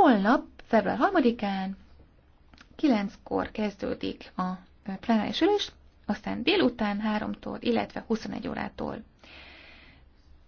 Holnap, február 3-án, 9-kor kezdődik a plenáris ülés, aztán délután 3-tól, illetve 21 órától